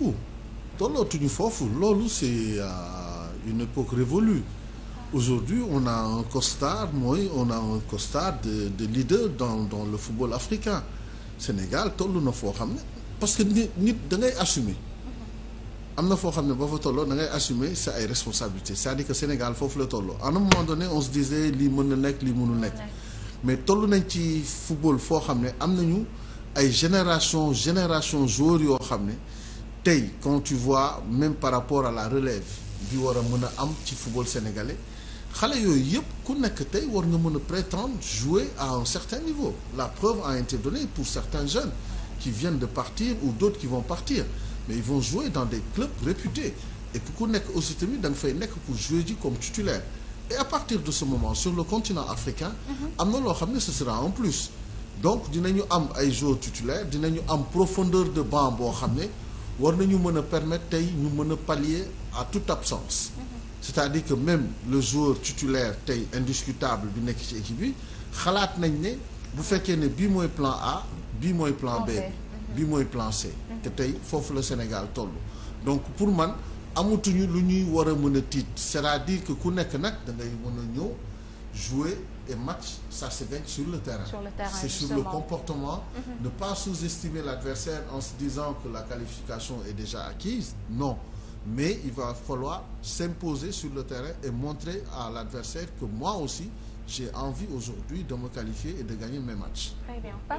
boobu tollootuñu foofu loolu c'est euh, une époque révolue aujourd'hui on a un costard mooy on a un costard de de leader dans dans le football africain Sénégal toll na foo xam ne parce que nit nit da ngay assumer am na foo xam ne ba fa tolloo da ngay sa ay responsabilités c'est-à-dire que Sénégal foofu la tolloo à un moment donné on lii mën na nekk lii mënu nekk mais toll nañ ci football foo xam ne am nañu ay génération génération joueurs yoo xam ne tey quand tu vois même par rapport à la relève bi war a mën a am ci football sénégalais xale yooyu yëpp ku nekk tey war nga mën a prétendre jouer à un certain niveau la preuve a été donnée pour certains jeunes qui viennent de partir ou d'autres qui vont partir mais ils vont jouer dans des clubs réputés et ku nekk aussi tamit da nga fay nekk pour jouer ji comme titulaire et à partir de ce moment sur le continent africain mhm. am na loo xam ne ce sera en plus donc dinañu am ay joueurs titulaires dinañu am profondeur de banc boo xam ne war nañu mën a permettre tey ñu mën a pallier à tout absence mhm. c'est-à-dire que même le joueur titulaire tey indiscutable bi nekk ci équipe bi xalaat nañ ne bu fekkee ne bii mooy plan A bii mooy plan B bii mooy plan C mhm. te tey foofu la Sénégal toll donc pour man amatuñu lu ñuy war a mën a tiit c'est-à-dire que ku nekk nag da mën a ñëw jouer et match, ça se gagne sur le terrain. le terrain, C'est sur le comportement. Mm -hmm. Ne pas sous-estimer l'adversaire en se disant que la qualification est déjà acquise. Non. Mais il va falloir s'imposer sur le terrain et montrer à l'adversaire que moi aussi, j'ai envie aujourd'hui de me qualifier et de gagner mes matchs. Très